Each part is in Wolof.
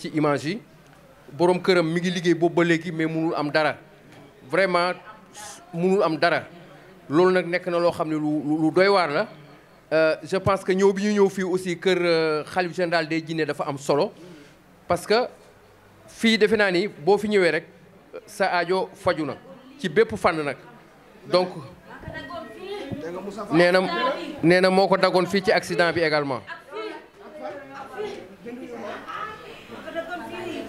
ci image yi borom këram mi ngi liggéey boobu ba léegi mais munul am dara vraiment munul am dara loolu nag nekk na loo xam ne lu lu doy waar la euh, je pense que ñëw bi ñu ñëw fii aussi kër euh, xalif général de jinne dafa am solo parce que fii defe naa ni boo fi ñëwee rek sa ajo faju na ci bépp fànn nag donc nee na nee na moo ko dagoon fii ci accident bi également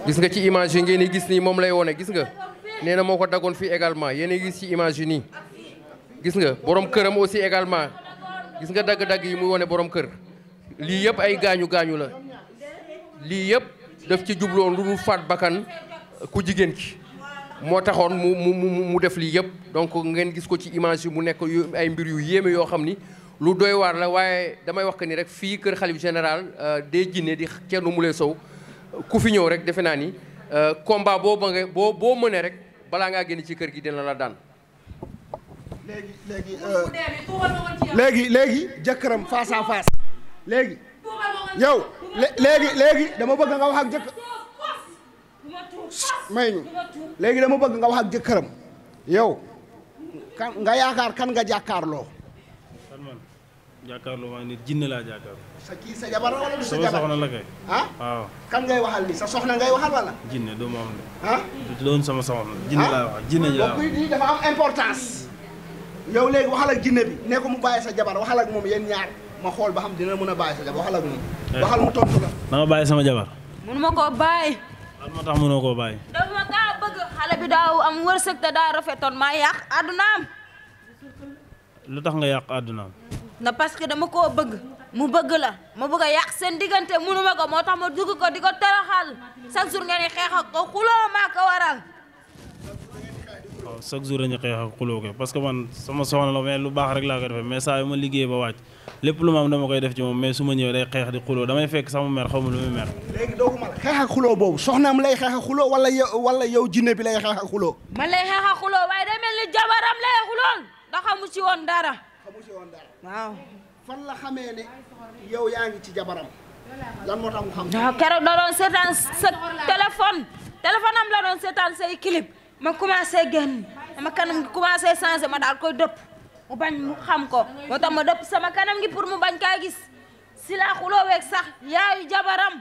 gis nga ci image yi ngeen di gis nii moom lay wone gis nga nee na moo ko dagoon fii également yéen gis ci image nii gis nga borom këram aussi également gis nga dagg-dagg yi muy wone borom kër lii yëpp ay gaañu gaañu la lii yëpp def ci jubloon lu dul faat bakkan ku jigéen ki moo taxoon mu mu mu def lii yëpp donc ngeen gis ko ci image yi mu nekk ay mbir yu yéeme yoo xam ni lu doy waar la waaye damay wax que ni rek fii kër xalif général euh, des jinne di kenn mu lay sow ku fi ñëw rek defe naa ni euh, combat boo bëggee boo boo mënee rek balaa ngaa génn ci kër gi dina la daan. léegi léegi euh, léegi léegi jëkkëram face à léegi yow léegi léegi dama bëgg nga wax ak jëkkër may ñu léegi dama bëgg nga wax ak jëkkëram yow kan nga yaakaar kan nga jàkkaarloo. kan man jàkkaarloo waaye nit laa jàkkaarloo. sa kii sa jabar wala du sa jabar sama soxna ah? kan ngay waxal ni sa soxna ngay waxal wala. jinne du ma am de. ah sama soxna la. Ah? jinne laa wax jinne laa wax nii importance. yow léegi waxal ak jinne bi ne mu bàyyi sa jabar waxal ak moom yéen ñaar ma xool ba xam dina mën a bàyyi sa jabar waxal ak moom. Eh. bàyyi sama jabar. mënuma koo bàyyi. lan moo tax mënoo koo bàyyi. dafa kaa bëgg xale bi daaw am wërsëg daa rafetoon maa yàq àddunaam. lu tax nga yàq àddunaam. na parce dama koo bëgg. mu bëgg la ma bëgg a yàq seen diggante munuma ko moo tax ma dugg ko di ko toroxal chaque jour ngeen xeex ak ko xuloo maa ko waral. waaw chaque jour dañuy xeex ak xuloo ko parce que man sama soxna la mais lu baax rek laa koy defee mais saa ma liggéey ba wàcc lépp lu am dama def ci mais su ma ñëwee day xeex di xuloo damay fekk sama mère xaw ma lu muy mer. léegi xuloo boobu soxnaam lay xeex ak xuloo wala yow wala yow jinne bi lay xeex ak xuloo. man lay xeex xuloo waaye day mel ni jabaram lay xuloon da xamu ci woon dara. waaw. yow yaa ngi ci jabaram lan moo tax mu xam. waaw keroog da doon seetaan sa téléphone téléphone am la doon seetaan say clip ma commencé génn sama kanam gi commencé changé ma daal koy dëpp mu bañ mu xam ko moo tax ma dëpp sama kanam gi pour mu bañ kaa gis si laa xuloo weeg sax yaayu jabaram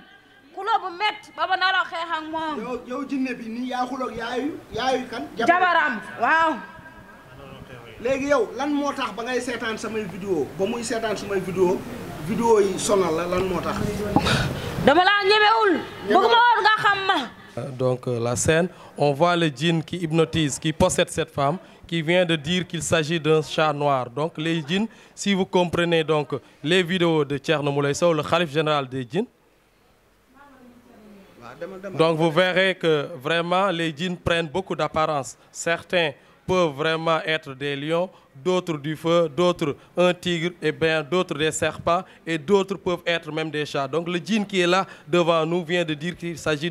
xuloo bu métti ba ba naroo xeex ak moom. yow jinne bi nii yaa xuloo yaayu yaayu kan. jabaram waaw. léegi yow lan moo tax ba ngay seetaan samay vidéo ba muy seetaan samay vidéo la lan laa ñemewul. bëgguma woon nga xam ma. donc euh, la scène on voit le djinn qui hypnotise qui possède cette femme qui vient de dire qu'il s'agit d'un chat noir donc les djinns si vous comprenez donc les vidéos de Thierno Moulay Sow le khalife général des djinns. donc vous verrez que vraiment les djinns prennent beaucoup d'apparence certains. peuvent vraiment être des lions, d'autres du feu, d'autres un tigre, et bien d'autres des serpents, et d'autres peuvent être même des chats. Donc le djinn qui est là devant nous vient de dire qu'il s'agit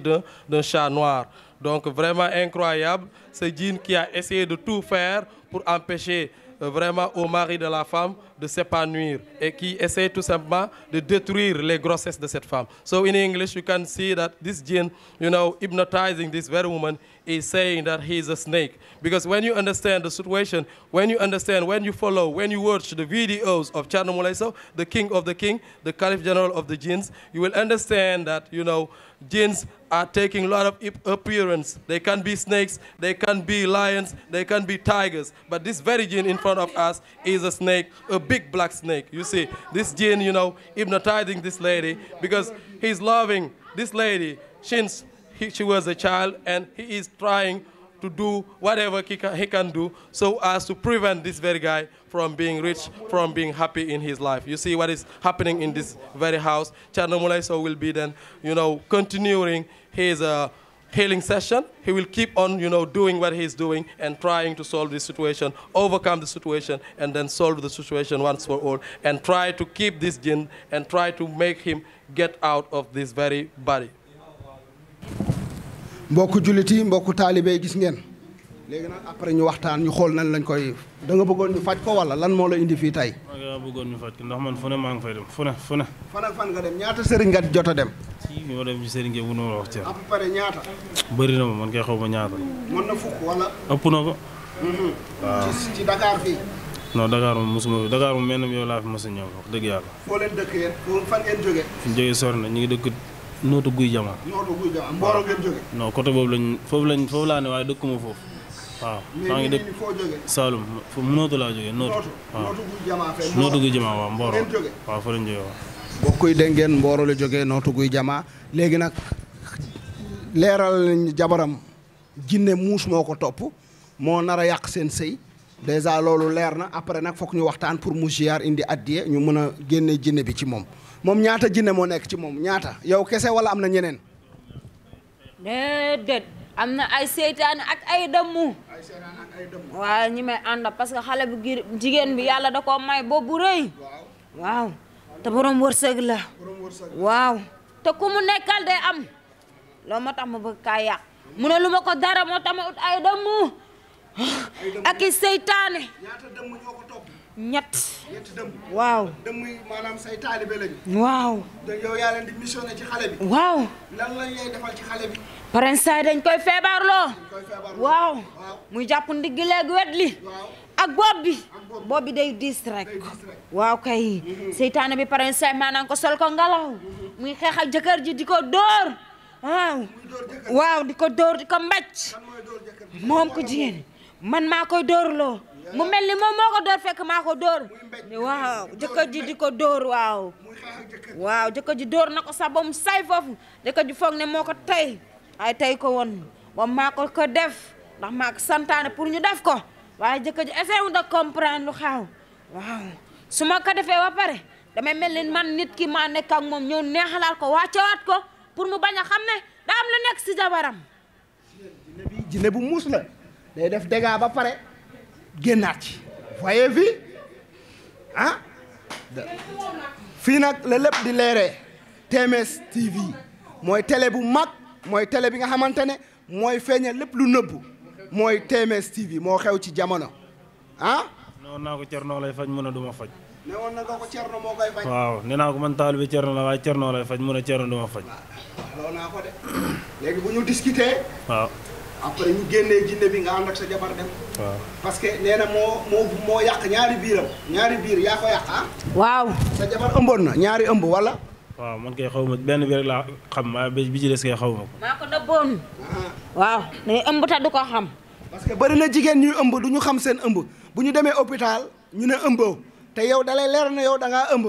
d'un chat noir. Donc vraiment incroyable, ce djinn qui a essayé de tout faire pour empêcher euh, vraiment au mari de la femme de s'épanouir et qui essaie tout simplement de détruire les grossesses de cette femme. So in English you can see that this jinn, you this very woman is saying that he's a snake. Because when you understand the situation, when you understand, when you follow, when you watch the videos of Thierno the king of the king, the caliph general of the jinns, you will understand that, you are taking appearance. They can be snakes, they can be lions, they can be tigers. But this very jinn in front of us a snake, a big black snake. You see, this jinn, you this lady because he's loving this lady he, she was a child and he is trying to do whatever he can, he can do so as to prevent this very guy from being rich, from being happy in his life. You see what is happening in this very house. Thierno Moulay Sow will be then, you know, continuing his uh, healing session. He will keep on, you know, doing what he's doing and trying to solve this situation, overcome the situation, and then solve the situation once for all, and try to keep this jinn and try to make him get out of this very body. mbokku jullit yi mbokku taalibe gis ngeen léegi nag après ñu waxtaan ñu xool nañ lañ koy danga bëggoon ñu faj ko wala lan moo la indi fii tey. waaw bëggoon ñu faj man fu ne maa ngi fay dem fu ne fu ne. ñaata sëriñ nga jot a dem. si ma dem ci sëriñ gi mënul wax ci. à peu près ñaata. bëri na ma man kay xaw ma ñaata. mën na fukk wala. ëpp na ko. Mhm. waaw ci ci Dakar fii. non Dakar moom mosuma fi Dakar moom mel na yow laa fi mos a ñëw dëgg yàlla. foo leen dëkk yéen fan ngeen jógee. fi ñu jógee sori nootu guy jamaa. nootu ngeen jóge. non côté boobu lañ foofu lañ foofu laa ne waaye dëkkuma foofu. waaw maa ngi dëkk Saalum fu nootu laa jógee nootu. waaw guy jamaa lañ jógee waaw. ngeen mbooloo la jógee nootu guy jamaa léegi nag leeral nañ jabaram jinne muus moo ko topp moo nar a yàq seen sëy dèjà loolu leer na après nag foog ñu waxtaan pour mu ziar indi addiye ñu mën a génne jinne bi ci moom. moom ñaata jinne moo nekk ci moom ñaata yow kese wala am na ñeneen. déedéet am na ay seytaane ak ay dëmmu. waaw ñi may ànd parce que xale bu jigéen bi yàlla da koo may boobu rëy. waaw te borom wërsëg la. waaw te ku mu nekkal day am. loolu moo tax ma bëgg kaa yàq mu ne lu ma ko dara moo tax ay dëmmu. ak i seytaane. ñaata dëmm ñoo ko topp. ñett. waaw. waaw. te yow dañ koy feebarloo. dañ waaw. muy jàpp ndigg léegi wet li. ak bopp bi. bopp bi day waaw kay. Mhm. seytaane bi parensaay maanaam ko sol ko ngalaw. Mhm. muy xeex ak jëkkër ji di ko dóor. waaw. di ko door di ko mbàcc. moom ko jigéen. man maa ko dóorloo mu mel ni moom moo ko dóor fekk maa ko dóor waaw jëkkër ji di ko dóor waaw waaw jëkkër ji dóor na ko sax ba mu say foofu jëkkër ji foog ne moo ko tey ay tey ko won ba maa ko def ndax maa santaane pour ñu def ko waaye jëkkër ji essayé wu da comprendre lu xaaw waaw su ma ko defee ba pare damay mel ni man nit ki maa nekk ak moom ñëw neexalaat ko waat ko pour mu bañ a xam ne daa am lu nekk si jabaram jinne bi bu muus la day def dégâts ba pare génnaat ci waaye fii ah fii nag la lépp di leeree TMS TV mooy tele bu mag mooy tele bi nga xamante ne mooy feeñal lépp lu nëbbu mooy TMS TV moo xew ci jamono ah ne woon naa ko noo lay faj mun a du ma faj ne woon na nga ko Cerno moo koy faj waaw ne naa ko man taalibe Cerno la waaye Cerno lay faj mun a Cerno du ma faj loolu naa ko de léegi bu ñu discuter waaw après ñu génnee jinne bi nga am ak sa jabar dem. waaw parce que nee na moo moo moo yàq ñaari biiram ñaari biir yaa ko yàq ah? waaw sa jabar ëmboon na ñaari ëmb wala. waaw man kay xaw ma benn bi rek laa xam bi ci des xaw ma ko. maa ko ah. waaw day ëmb te du ko xam. parce que bari na jigéen ñuy ëmb du ñu xam seen ëmb bu ñu demee hôpital ñu ne ëmboo te yow dalay leer na yow da ngaa ëmb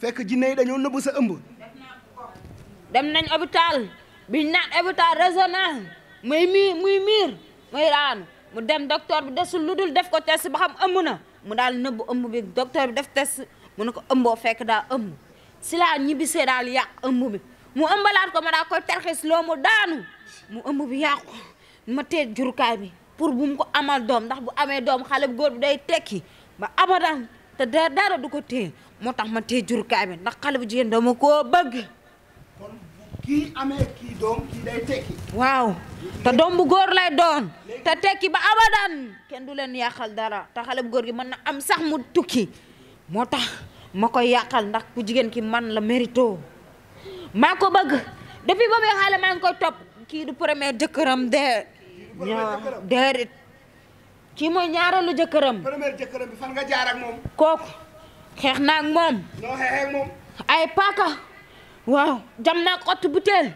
fekk jinne yi dañoo nëbb sa ëmb. dem nañ hôpital biñ naan hôpital régional. muy miir muy miir muy raanu mu dem docteur bi desul lu dul def ko tes ba xam ëmb na mu daal nëbbu ëmb bi docteur bi def tes mu ne ko ëmboo fekk daa ëmb si laa ñibbisee daal yàq ëmb bi mu ëmbalaat ko ma daa koy tarxis loo mu daanu mu ëmb bi yàqu ma teet jurukaay bi pour bu mu ko amal doom ndax bu amee doom xale bu góor bi day tekki ba abadan te dara du ko téye moo tax ma téye jurukaay bi ndax xale bu jigéen dama ko bëgg kii amee waaw te doom bu góor lay doon. te tekki ba abadan kenn du leen yàqal dara te xale bu góor gi mën na am sax mu tukki moo tax ma koy yàqal ndax ku jigéen ki man la mérito maa ko bëgg depuis ba muy xale maa ko koy kii du premier jëkkëram de. ñaaw déedéet kii mooy ñaareelu lu premier jëkkëram bi fan nga jaar ak moom. kooku xeex ay paaka. waaw jam naa ot ëtt butéel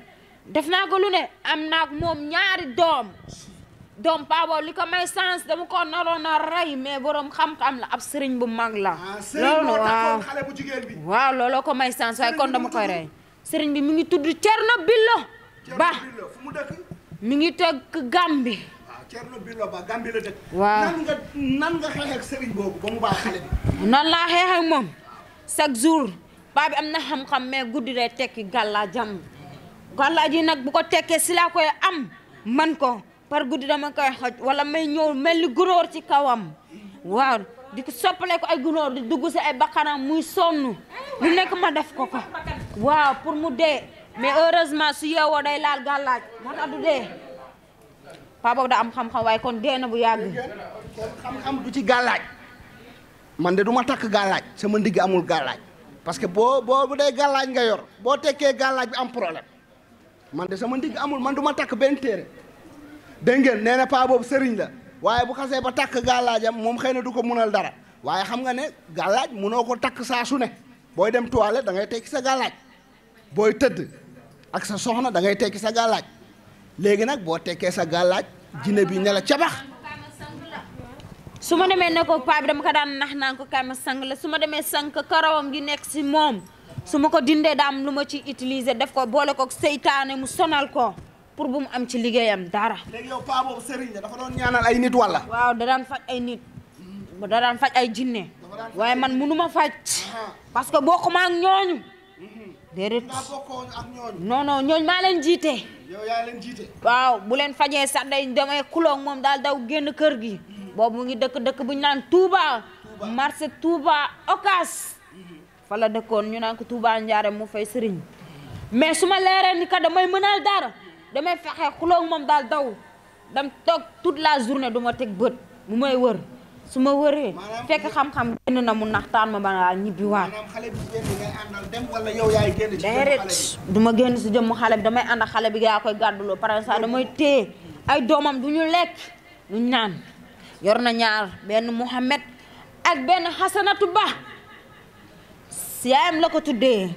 def naa ko lu ne am naa moom ñaari doom doom paaboo li ko may sens dama ko naroon a rey mais borom xam-xam la ab sëriñ bu mag la ah, loolu bi waaw looloo ko may sens waaye sëriñ bi mi ngi tudd Cerno ah, Billo Ba mi ngi tëgg Gambi Cerno Billo la dëkk xeex ak sëriñ boobu ba laa xeex ak moom chaque jour paa bi am na xam-xam mais guddi day tekki gàllaajam gàllaaj yi nag bu ko tekkee si laa koy am man ko par guddi dama koy xoj wala may ñëw mel ni gunóor ci kawam waaw di ko soppale ko ay gunóor di dugg si ay bakkanam muy sonn lu nekk ma def ko ko waaw pour mu dee mais heureusement su yeewoo day laal gàllaaj moo tax dee paa boobu da am xam-xam waaye kon dee na bu yàgg kon xam ci gàllaaj man de du ma takk gàllaaj sama ndigg amul gàllaaj parce que boo boo bu dee gàllaaj nga yor boo tekkee gàllaaj bi am problème man de sama ndigg amul man du ma takk benn téere dégg ngeen nee na paa boobu sëriñ la waaye bu xasee ba takk gàllaajam moom xëy na du ko munal dara waaye xam nga ne gàllaaj munoo ko takk saa su ne booy dem toilette da ngay tekki sa gàllaaj booy tëdd ak sa soxna da ngay tekki sa gàllaaj léegi nag boo tekkee sa gàllaaj jinne bi ne la cabax su ma demee ne ko paa bi dama ka daan nax naan ko kaay ma sang la su ma demee sang karawam gi nekk si moom suma ko dindee daam lu ma ci utiliser def ko boole ko seytaane mu sonal ko pour bu mu am ci liggéeyam dara. léegi yow paa boobu Serigne dafa doon ñaanal ay nit walla waaw da daan faj ay nit da daan faj ay jinne waaye man munu ma faj parce que bokkuma ak ñooñu. Mhm. déedéet non ñooñ maa leen jiite. waaw bu leen fajee sax day damay kulóog moom daal daw génn kër gi. boobu mu ngi dëkk dëkk bu ñu naan Touba. marché Touba Ocas. fa la dëkkoon ñu naan ko Touba Ndiare mu fay sëriñ. mais su ma leeree ni que damay mënal dara damay fexe xulóog moom daal daw dam toog toute la journée du ma teg bët mu may wër. su ma wëree fekk xam-xam génn na mu naxtaan ma balaa ñibbi waat. déedéet du ma génn si jëmm xale bi damay ànd xale bi yaa koy gàdduloo par exemple damay téye ay doomam du ñu lekk du ñu naan yor na ñaar benn Mouhamed ak benn Xasanatu Ba yaayam la ko tuddee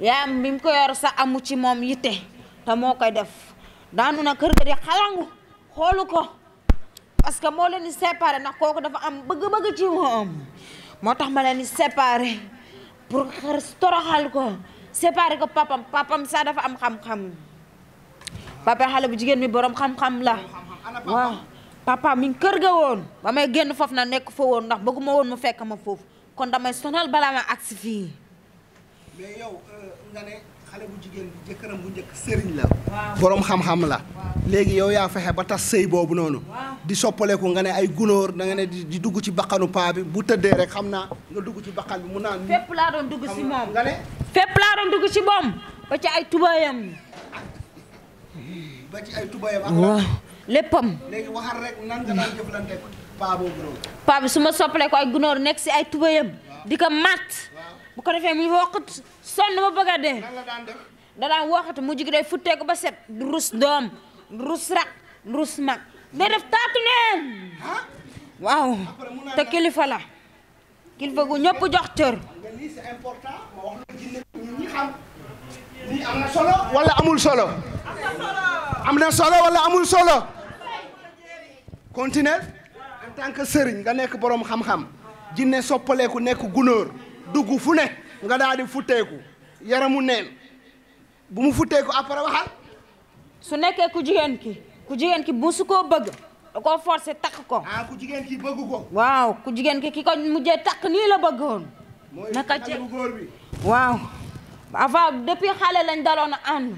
yaayam bi mu ko yor sa amu ci moom yitte te moo koy def daanu na kër ga di xalangu xoolu ko. parce que moo leen di séparé ndax kooku dafa am bëgg-bëgg ci moom moo tax ma leen di séparé pour xar toroxal ko séparé ko papam papam sax dafa am xam-xam papa xale bu jigéen bi borom xam-xam la waaw papa mi kër ga woon ba may génn foofu na nekk fa woon ndax bëgguma woon mu fekk ma foofu kon damay sonal balaa ma agsi fii yow euh, xale bu jigéen bi bu njëkk sëriñ la borom xam-xam la léegi yow yaa fexe ba tas sëy boobu noonu di soppaleku nga ne ay gunóor da nga ne di dugg ci bakkanu paa bi bu tëddee rek xam naa nga dugg ci bakkan bi mu naan fépp laa doon dugg si moom nga ne fépp laa doon dugg ci ay tubaayam ba ci ay tubaayam ak waaw léppam léegi paa boobu noonu paa bi su ma soppaleku ay gunóor nekk si ay tubaayam di ko màtt bu ko defee muy woqat sonn ba bëgg a dee. da daan waxatu mu jig day futteeku ba set du rus doom du rus rak du rus mag day def taatu neen waaw te kilifa la kilifa gu ñëpp jox cër. lii am na solo amul solo. am na solo walla amul solo. continuer en tant que sëriñ nga nekk boroom xam-xam. jinne soppaleeku nekk gunóor dugg fu ne. nga daal di futteeku yaramu neen bu mu futteeku après waxal su nekkee ku jigéen ki ku jigéen ki bu su koo bëgg da koo forcé takk ko ah ku jigéen ki bëgg ko waaw ku jigéen ki ki ko mujjee takk nii la bëggoon naka waaw avant depuis xale lañ daloon a ànd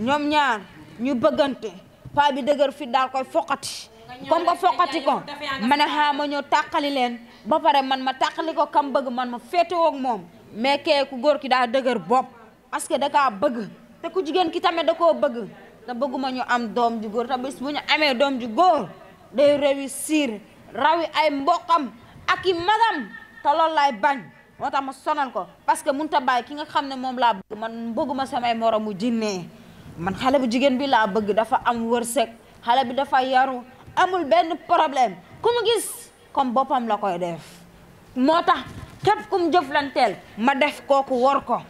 ñoom ñaar ñu bëggante paa bi dëgër fi daal koy foqati comme ko foqati ko ma ne xaa ma ñëw tàqali leen ba pare man ma tàqali ko kam bëgg man ma féetewoo ak moom mais kee ku góor ki daa dëgër bopp parce que da bëgg te ku jigéen ki tamit da koo bëgg te bëgguma ñu am doom ju góor te bis bu ñu amee doom ju góor day réussir rawi ay mboqam ak i magam te loolu laay bañ moo tax ma sonal ko parce que mënut a ki nga xam ne moom laa bëgg man bëgguma samay mu jinne man xale bu jigéen bi laa bëgg dafa am wërsëg xale bi dafa yaru amul benn problème ku mu gis comme boppam la koy def moo tax képp kum jëflanteel ma def kooku wor ko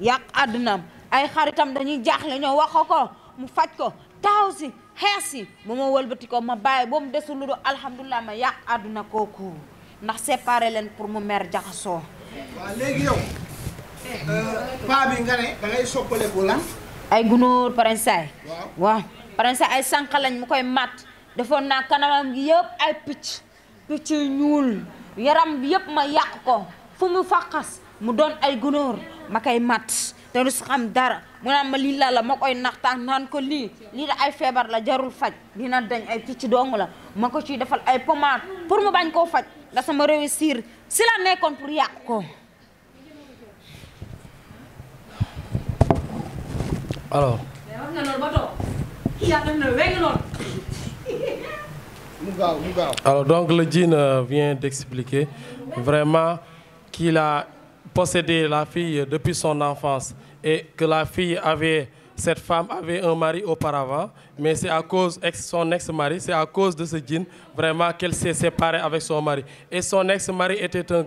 yàq àddunaam ay xaritam dañuy jaaxle ñoo wax ko mu faj ko taaw si xees si ba ma wëlbati ko ma bàyyi ba desul lu dul alhamdulilah ma yàq àdduna kooku ndax séparé leen pour mu mer jaxasoo. waaw léegi yow. Eh, ay gunóor parensaay. waaw ay sànq mu koy mat defoon naa kanamam gi yëpp ay picc picc ñuul yaram yépp ma yàq ko. fu mu faqas mu doon ay gunóor ma koy mat te du xam dara mu naan ma lii la la ma koy naxtaan naan ko lii lii da ay feebar la jarul faj dina dañ ay picc dong la ma ko ciy defal ay pommade pour mu bañ koo faj la sama réussir si la nekkoon pour yàq ko. alors. alors donc le djinn euh, vient d'expliquer vraiment. qu'il a possédé la fille depuis son enfance et que la fille avait cette femme avait un mari auparavant, mais c'est à cause de son ex-mari, c'est à cause de ce djinn qu'elle s'est séparée avec son mari. Et son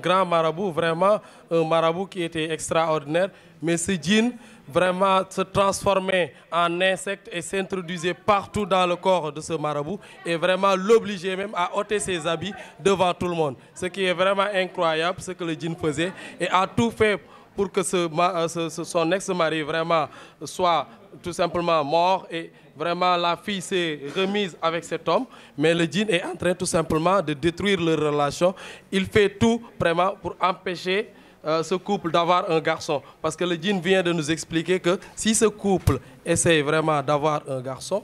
grand marabout, vraiment un marabout qui était extraordinaire, mais ce djinn vraiment se transformait en insecte et s'introduisait partout dans le corps de ce marabout et vraiment l'obligeait à ôter ses habits devant tout le monde. Ce qui est vraiment incroyable, ce que le djinn faisait et a tout fait pour que ce, euh, son ex vraiment soit tout simplement mort et vraiment la fille s'est remise avec cet homme mais le djinn est en train tout simplement de détruire leur relation il fait tout vraiment pour empêcher euh, ce couple d'avoir un garçon parce que le djinn vient de nous expliquer que si ce couple essaye vraiment d'avoir un garçon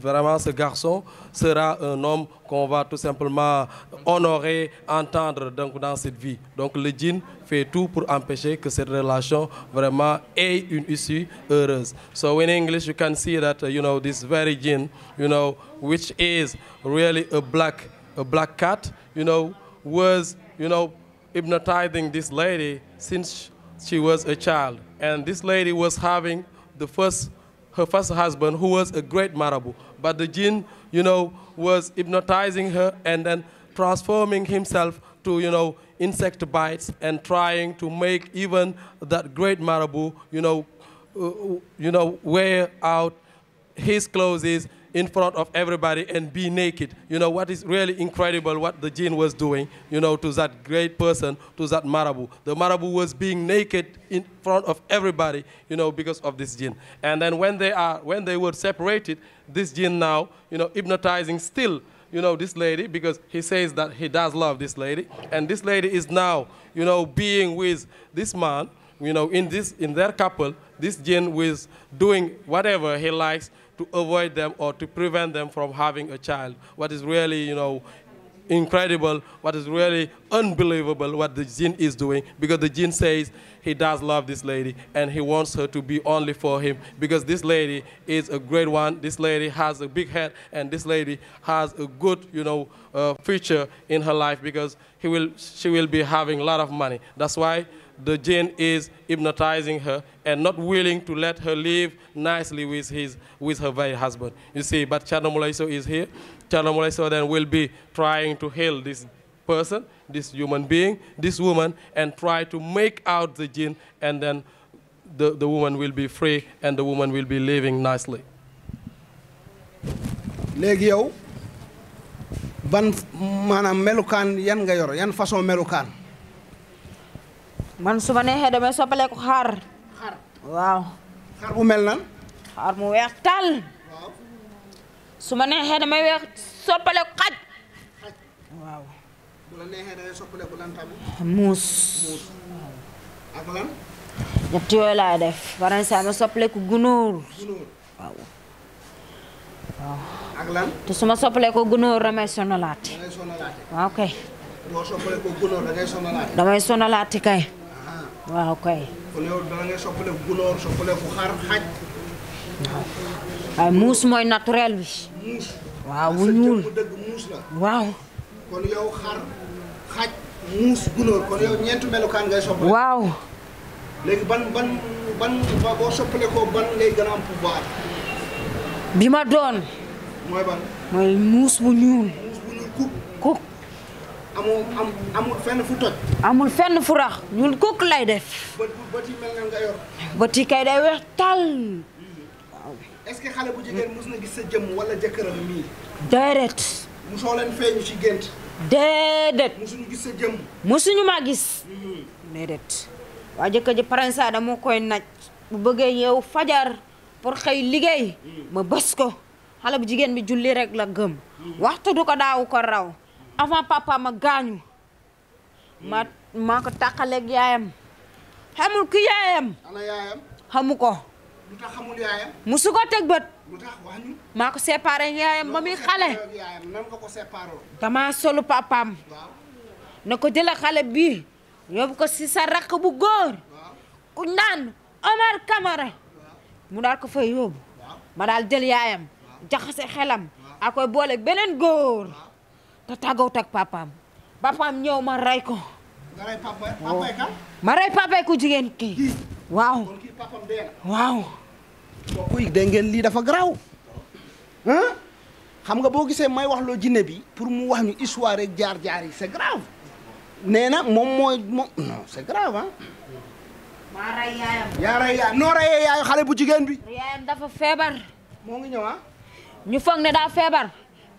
vraiment ce garçon sera un homme qu'on va tout simplement honorer entendre donc dans cette vie donc le djinn fait tout pour empêcher que cette relation vraiment ait une issue heureuse so in English you can see that you know this very djinn you know which is really a black cat you know hypnotizing this lady since she was a child. And this lady was having the first, her first husband, who was a great marabout. But the jinn, you know, was hypnotizing her and then transforming himself to, you know, insect bites and trying to make even that great marabout, you know, uh, uh, you know, wear out his clothes in front of everybody and be naked. You know, what is really incredible what the jinn was doing, you know, to that great person, to that marabu. The marabu was being naked in front of everybody, you know, because of this jinn. And then when they are, when they were separated, this jinn now, you know, hypnotizing still, you know, this lady because he says that he does love this lady. And this lady is now, you know, being with this man, you know, in this, in their couple, this jinn was doing whatever he likes to avoid them or to prevent them from having a child. What is really, you know, incredible, what is really unbelievable what the gene is doing because the gene says he does love this lady and he wants her to be only for him because this lady is a great one, this lady has a big head and this lady has a good, you know, uh, future in her life because he will, she will be having a lot of money. That's why the Jane is hypnotizing her and not willing to let her live nicely with, his, with her very husband. You see, but Chandamuleso is here. Chandamuleso then will be trying to heal this person, this human being, this woman, and try to make out the jinn, and then the, woman will be free and the woman will be living nicely. léegi yow ban maanaam melukaan yan nga yor yan façon melukaan. man su ma neexee damay soppale ko xar. waaw. xar mel nan. xar mu weex tàll. su ma neexee damay weex soppale ko xaj. xaj muus. muus yooyu laay def. beneen saa ma soppale ko gunóor. te su ma soppalee ko gunóor damay sonalaate. damay sonalaate. waaw kay. damay sonalaate kay. waaw kay. kon yow dana ngay soppaleeku gunóor soppaleeku xar xaj. waaw waaye muus mooy naturel bi. waaw bu ñuul dëgg muus la. waaw. kon yow xar xaj muus gunóor kon yow ñeenti melukaan ngay soppaleeku. waaw. léegi ban ban ban boo soppaleekoo ban ngay gën am pouvoir. bi ma doon. mooy bu ñuul. muus bu ñuul kuk. kuk. amul amul fenn fu toj. amul fenn fu rax ñun kooku lay def. bët bët yi kay day weex waaw est-ce que xale bu jigéen mës na gis sa jëmm wala jëkkëram mii. déedéet. musoo gis sa jëmm. musuñu maa gis. Mm-hmm. déedéet. waa jëkkër ji parensa dama koy naj bu bëggee yeewu fajar pour xëy liggéey. Mm-hmm. ma bës ko xale bu jigéen bi julli rek la gëm. Mm-hmm. waxtu du ko daaw ko raw. avant papa ma gaañu ma maa ko tàqaleeg yaayam xamul ki yaayam. ana ko. lu tax xamul yaayam. musu ko teg bët. ko yaayam ba muy xale. nan nga ko séparé damaa solu papaam. na ko jëlee xale bii yóbbu ko si rakk bu góor. ku naan Omar Camara. mu daal ko fay yóbbu. ma daal jël yaayam. jaxase xelam. a koy boole beneen góor. te tàggoot ak papaam papaam ñëw ma rey ko. nga rey ma rey papay jigéen kii. waaw kon kii ngeen lii dafa garaaw. xam nga boo gisee may wax loo jinne bi pour mu wax ñu histoire rek jaar jaar yi grave. nee na moom mooy moom non c'est grave ah. yaa rey yaayam noo reyee yaayu xale bu jigéen bi. dafa feebar. moo ngi ñëw ñu foog ne daa feebar.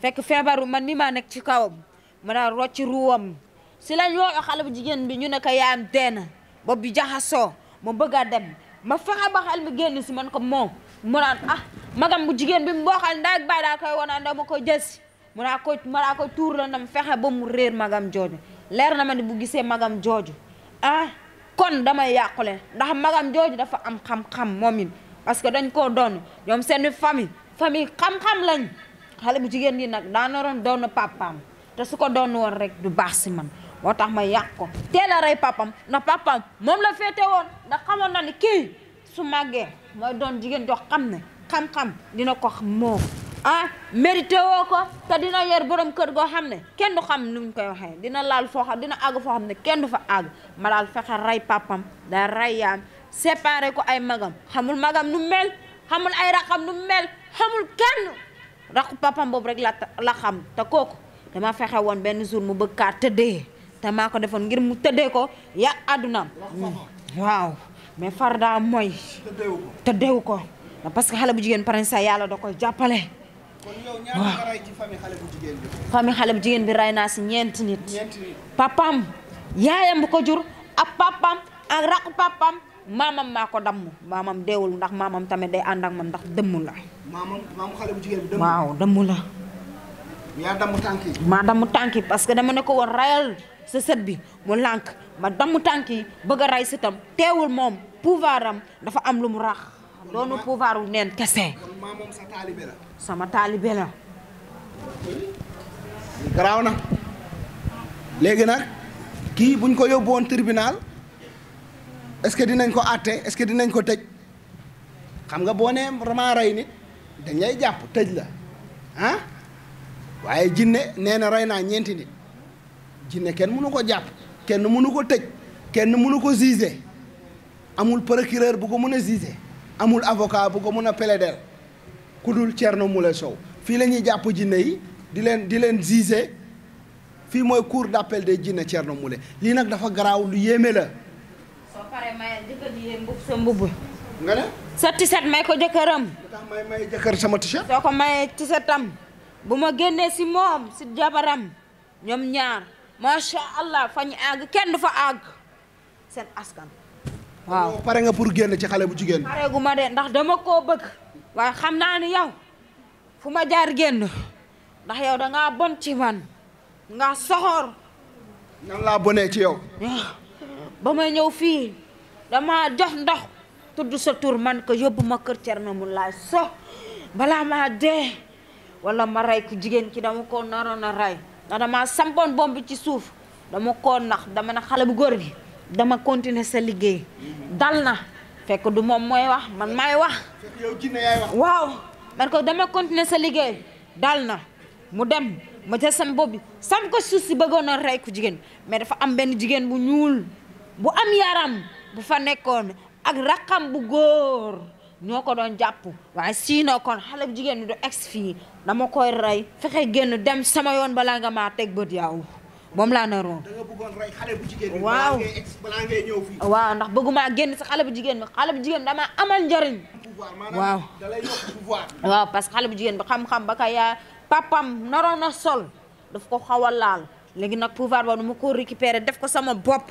fekk feebaru man mi maa nekk ci kawam ma daal rocci ruwam si lañ woo xale bu jigéen bi ñu ne ko yaayam dee na bopp bi jaxasoo ma bëgg a dem ma fexe ba xel mi génn si man ko moom mu naan ah, magam bu jigéen bi mu boo xam ndaay baay daa koy wanaan dama ko jësi ko ma naa ko tuur la nam fexe ba mu réer magam jooju leer na ma ne bu gisee magam jooju ah kon damay yàqule ndax magam jooju dafa am xam-xam moom it parce que dañ koo doon ñoom seen famille famille xam-xam lañ xale bu jigéen yi nag daa naroon doon papaam te su ko doon woon rek du baax si man moo tax ma yàq ko te a rey papaam na papaam moom la féete woon ndax xamoon na ni kii su màggee mooy doon jigéen jox xam ne xam-xam dina ko moom ah mérité ko te dina yor borom kër goo xam ne kenn du xam nuñ koy waxee dina laal foo xam dina àgg foo xam ne kenn du fa àgg ma daal fexe rey papam da rey séparé ko ay magam xamul magam nu mel xamul ay raxam nu mel xamul kenn rakku papam boobu rek la la xam te kooku dama fexe woon benn jour mu bëgg kaa tëddee te maa ko defoon ngir mu tëddee ko ya àddunaam waaw mais far daa mooy tëddeewu ko parce que xale bu jigéen par exemple yàlla da koy jàppale kon yow jigéen bi ray naa si ñeenti nit papam yaayam bu ko jur ak papam ak raqu papam maamam maa ko damm maamam deewul ndax maamam tamit day ànd ak man ndax dëmm maamam maam xale bu jigéen waaw damm la. yaa damm tànk yi. maa damm parce que dama ne ko war rayal sa sët bi mu lànk ma damm tànk yi bëgg a ray sëtam teewul moom pouvoir dafa am lu mu rax. doonu pouvoir wu neen kese. la. sama taalibe la. garaaw na léegi nag kii buñ ko yóbbu woon tribunal est que dinañ ko àtte est-ce que dinañ ko tëj xam nga boo nee vraiment rey nit. dañ lay jàpp tëj la ah waaye jinne nee na rey naa ñeenti nit jinne kenn mënu ko jàpp kenn mënu ko tëj kenn mënu ko juger amul procureur bu ko mën a juger amul avocat bu ko mën a plaider ku dul Thierno Moule Sow fii lañuy ñuy jàpp jinne yi di leen di leen gise fii mooy cour d'appel de jinne Thierno mule lii nag dafa garaaw lu yéeme la. soo paree mayal jëkkër ji leen mbubb sa mbubb. nga ne. sa tiset may ko jëkkëram. ndax may may jëkkër sama tiset. soo ko mayee tisetam bu ma génnee si moom si jabaram ñoom ñaar macha allah fa ñu àgg kenn du fa àgg seen askan. waaw oh, pare nga pour génn ci xale bu jigéen. pare gu ma ndax dama koo bëgg waaye xam naa ni yow fu ma jaar génn ndax yow danga bon ci man nga soxor. nan laa bonee ci yow. ba may ñëw fii dama jox ndox. tudd sa tur man ko yóbbu ma kër Thierno Moulay Sow balaa maa dee wala ma rey ku jigéen ki dama ko naroon a rey ndax dama sampoon bomb ci suuf dama koo nax dama na xale bu góor bi dama continuer sa liggéey dal na fekk du moom mooy wax man maay wax waaw man ko dama continuer sa liggéey dal na mu dem ma jël sam bi sam ko suuf si bëggoon a rey ku jigéen mais dafa am benn jigéen bu ñuul bu am yaram bu fa nekkoon ak rakam bu góor ñoo ko doon jàpp waaye sinon kon xale bu jigéen bi du ex fii dama koy rey fexe génn dem sama yoon balaa nga maa teg bët yaaw moom laa naroon. da bu jigéen bi. waaw balaa ngay ñëw ndax bëgguma génn si xale bu jigéen bi xale bu jigéen dama amal njëriñ. waaw da lay que xale bu jigéen bi xam-xam ba ka yaa papam naroon na sol daf ko xaw a laal léegi nag pouvoir boobu nu ma ko def ko sama bopp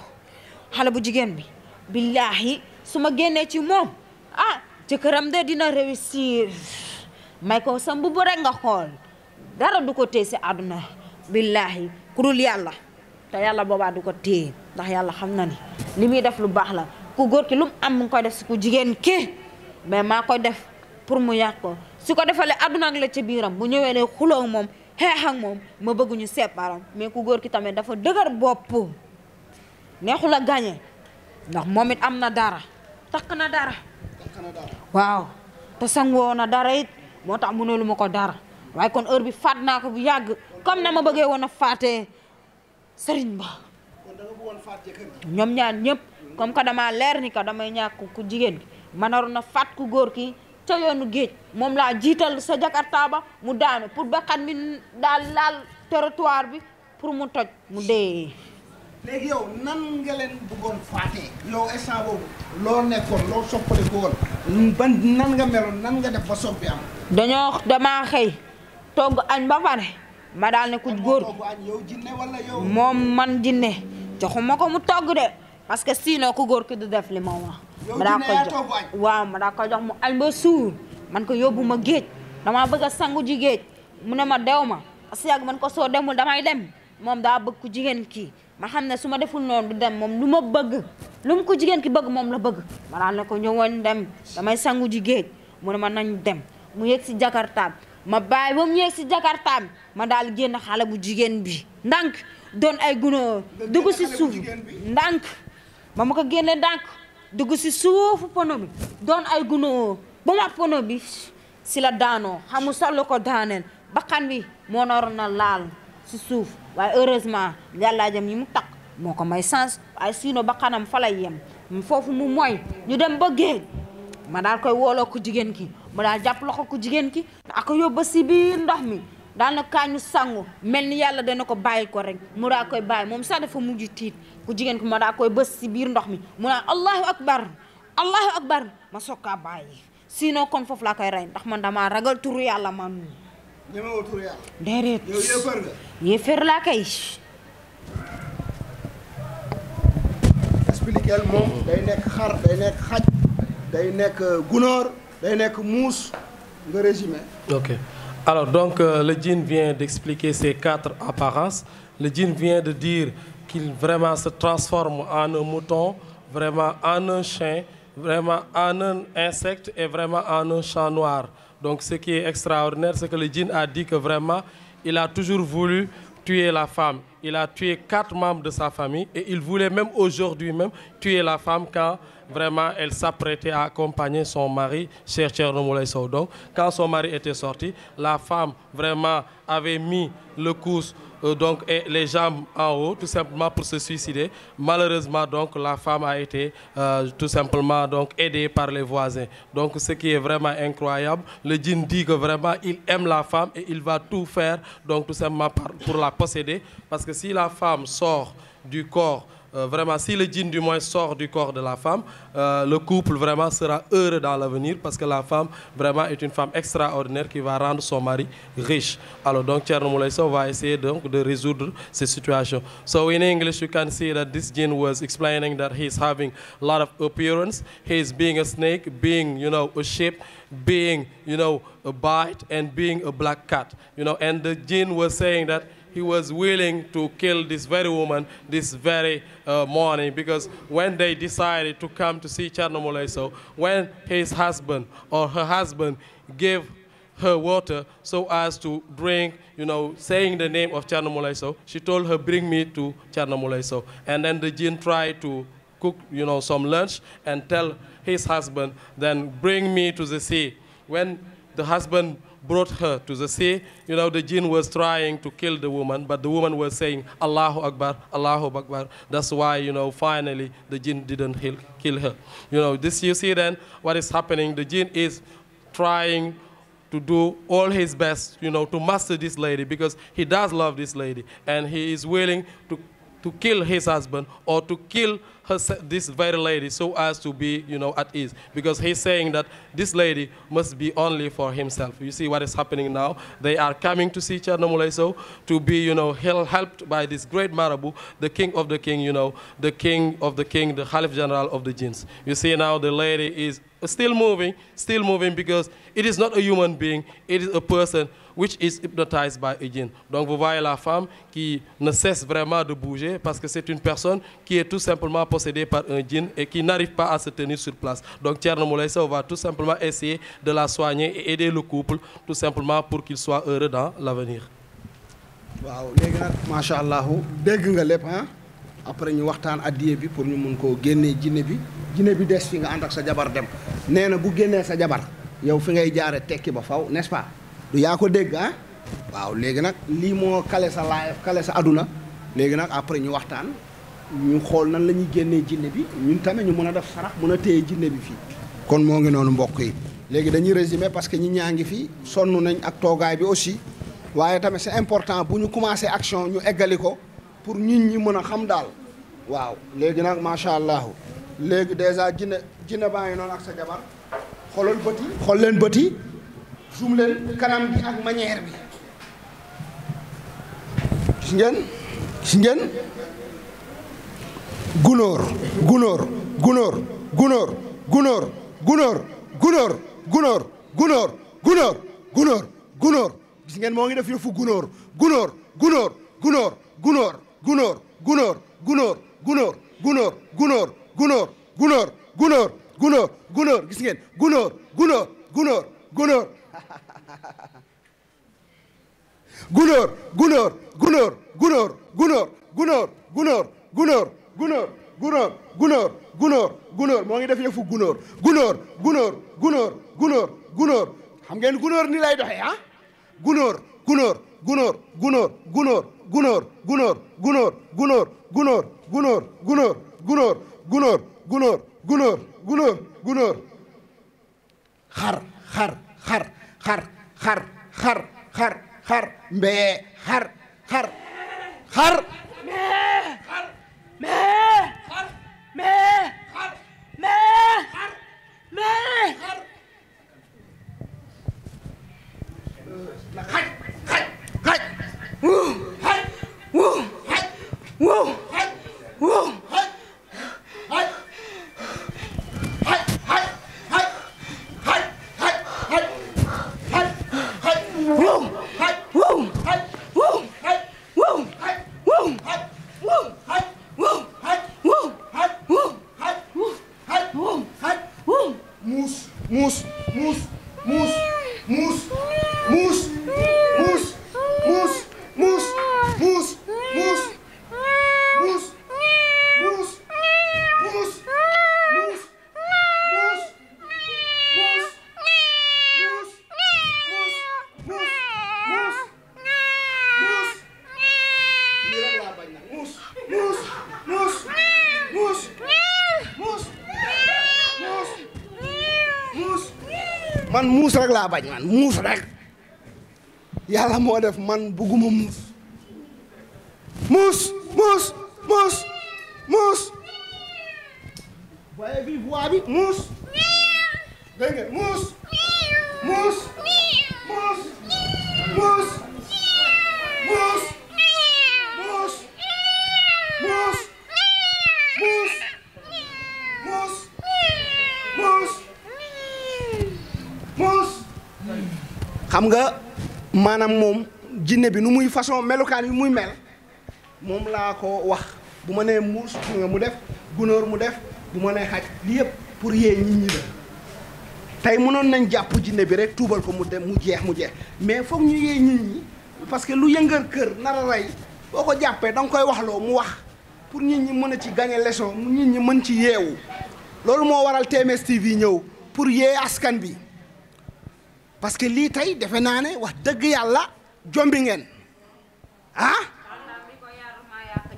xale bu jigéen bi billaahi su ma génnee ci moom ah jëkkëram de dina réussir may ko sam bu rek nga xool dara du ko téye si àdduna billaahi ku dul yàlla te yàlla boobaat du ko téye ndax yàlla xam na ni li muy def lu baax la ku góor ki lu mu am mu ngi koy def si ku jigéen ki mais maa koy def pour mu yàq ko su ko defalee àdduna la ca biiram bu ñëwee ne xuloo moom xeex ak moom ma bëgguñu ñu séparam mais ku góor ki tamit dafa dëgër bopp neexul a ndax moom it am na dara takk na dara. waaw te sangoo na dara it moo tax mënalu ma ko dara waaye kon heure bi faat naa ko bu yàgg comme na ma bëggee woon a faatee sëriñ ba. ñoom ñaar ñëpp comme que damaa leer ni que damay ñàkk ku jigéen gi ma naroon na faat ku góor ki ca yoonu géej moom laa jiital sa jakarta ba mu daanu pour ba xat mi daal laal territoire bi pour mu toj mu dee. léegi yow nan nga leen loo nekkoon loo soppali ko nan nga meloon nan nga def ba soppi am. dañoo dama xëy togg añ ba pare ma daal ne ku góor moom man jinne joxuma ko mu togg de parce que sinon ku góor ki def li ma wax. ma daa ko jox ma daa mu añ ba suur man ko yóbbu géej dama bëgg a sangu ji géej mu ne ma dew ma parce que yàgg man ko soo demul damay dem moom daa bëgg ku jigéen kii. ma xam ne su ma deful noonu du dem moom lu ma bëgg lu mu ko jigéen ki bëgg moom la bëgg ma daan ne ko ñëwoon dem damay sangu ji géej mu ne ma nañ dem mu yegg si jakartaam ma bàyyi ba yegg si jakartaam ma daal génn xale bu jigéen bi ndànk doon ay gunóor dugg si suuf ndànk ba ma ko génne ndànk dugg si suufu pono doon ay gunóor ba ma pono si la daanoo xamu sax ko daaneel bakkan wi moo naroon na laal si suuf waaye heureusement yàllaa jëm yi mu takk moo ko may sens waaye sinon ba xanam fa lay yem foofu mu mooy ñu dem ba ma daal koy wooloo ku jigéen ki ma daal jàpp loxo ku jigéen ki ak ko yóbba si biir ndox mi daal na kaañu mel ni yàlla dana ko bàyyi rek mu daa koy bàyyi moom sax dafa mujj tiit ku jigéen ki ma daa koy bës si biir ndox mi mu naan allahu akbar allahu akbar ma soog kaa bàyyi kon foofu laa koy rey ndax man damaa ragal turu yàlla man déedéet yéefar laa kay expliquer moom day nekk xar day nekk xaj day nekk gunóor day nekk muus nga résumé ok alors donc euh, le djinn vient d'expliquer ces quatre apparences le djinn vient de dire qu'il vraiment se transforme en un mouton vraiment en un chien vraiment en un insecte et vraiment en un chat noir Donc ce qui est extraordinaire, c'est que le djinn a dit que vraiment, il a toujours voulu tuer la femme. Il a tué quatre membres de sa famille et il voulait même aujourd'hui même tuer la femme quand vraiment elle s'apprêtait à accompagner son mari cher Thierno Moulay Sow. Donc quand son mari était sorti, la femme vraiment avait mis le couce Euh, donc et les jambes en haut tout simplement pour se suicider malheureusement donc la femme a été euh, tout simplement donc aidée par les voisins donc ce qui est vraiment incroyable le djinn dit vraiment il aime la femme et il va tout faire donc tout simplement pour la posséder parce que si la femme sort du corps Euh, vraiment, si le djinn du moins sort du corps de la femme, euh, le couple vraiment sera heureux dans l'avenir parce que la femme vraiment est une femme extraordinaire qui va rendre son mari riche. Alors donc, Tierno va essayer donc de résoudre ces situations. So in English, you can see that this djinn was explaining that he's having a lot of appearance. He's being a snake, being, a sheep, being, you know, a bite and being a black cat. You know, and the djinn was saying that he was willing to kill this very woman this very uh, morning because when they decided to come to see Thierno Moule Sow when his husband or her husband gave her water so as to drink, you know, saying the name of Thierno Moule Sow, she told her, bring me to Thierno Moule Sow. And then the jinn tried to cook, you know, some lunch and tell his husband, then bring me to the sea. When the husband brought her to the sea. You know, the jinn was trying to kill the woman, but the woman was saying, Allahu Akbar, Allahu Akbar. That's why, you know, finally the jinn didn't heal, kill her. You know, this you see then what is happening. The jinn is trying to do all his best, you know, to master this lady because he does love this lady and he is willing to to kill his husband or to kill her, this very lady so as to be, you know, at ease. Because he's saying that this lady must be only for himself. You see what is happening now? They are coming to see Chadna So to be, you know, helped by this great marabu, the king of the king, you know, the king of the king, the Khalif general of the jinns. You see now the lady is still moving, still moving because it is not a human being, it is a person which is hypnotized by a djinn. Donc vous voyez la femme qui ne cesse vraiment de bouger parce que c'est une personne qui est tout simplement possédée par un djinn et qui n'arrive pas à se tenir sur place. Donc Thierno Moulé Sow va de la soigner et aider le couple tout simplement pour qu'il soit heureux dans l'avenir. Waaw nga lépp ah. après ñu waxtaan addiye bi pour ñu mun koo génnee jinne bi jinne bi des fi nga ànd ak sa jabar dem nee na bu génnee sa jabar yow fi ngay jaare tekki ba faw n'est-ce lu yaa ko dégg ah waaw léegi nag lii moo kale sa laayaf kale sa àdduna léegi nag après ñu waxtaan ñu xool nan la ñuy génnee jinne bi ñun tamit ñu mën a def sarax mun a téye jinne bi fii kon moo ngi noonu mbokk yi léegi dañuy résumer parce que ñi ñaa ngi fi sonn nañ ak toogaay bi aussi waaye tamit c'est important bu ñu commencer action ñu eggali ko pour nit ñi mën a xam daal waaw léegi nag macha allah léegi dèjà jinne jinne baa ngi noonu ak sa jabar xoolal bati yi xool leen bët yi zoom leen gi ak manière bi gis ngeen gis ngeen gunóor gunóor gunóor gunóor gunóor gunóor gunóor gunóor gunóor gunóor gunóor gunóor gis ngeen moo ngi def yëfu gunóor gunóor gunóor gunóor gunóor gunóor gunóor gunóor gunóor gunóor gunóor gunóor gunóor gunóor gunóor gunóor gis ngeen gunóor gunóor gunóor gunóor gunóor gunóor gunóor gunóor gunóor gunóor gunóor gunóor gunóor gunóor gunóor gunóor gunóor moo ngi def yëfu gunóor gunóor gunóor gunóor gunóor gunóor xam ngeen gunóor ni lay doxee ah gunóor gunóor gunóor gunóor gunóor gunóor gunóor gunóor gunóor gunóor gunóor gunóor gunóor gunóor gunóor gunóor gunóor gunóor xar xar xar xar xar xar xar xar mbee xar xar xar xaj xaj xaj wow wow wow Whoa! laa bañ man muus rek yàlla moo def man bugguma muus muus xam nga maanaam moom jinné bi nu muy façon melukaan yi muy mel moom laa ko wax bu ma nee muus mu def gunóor mu def bu ma nee xaj li yëpp pour yee nit ñi la tey mënoon nañ jàpp jinne bi rek tuubal ko mu dem mu jeex mu jeex mais foog ñu yee nit ñi parce que lu yëngal kër nar boo ko jàppee danga nga koy waxloo mu wax pour nit ñi mën a ci gagné leçon nit ñi mën ci yeewu loolu moo waral TMS TV ñëw pour yee askan bi parce que lii tey defe naa ne wax dëgg yàlla jombi ngeen ah. tantam ko yar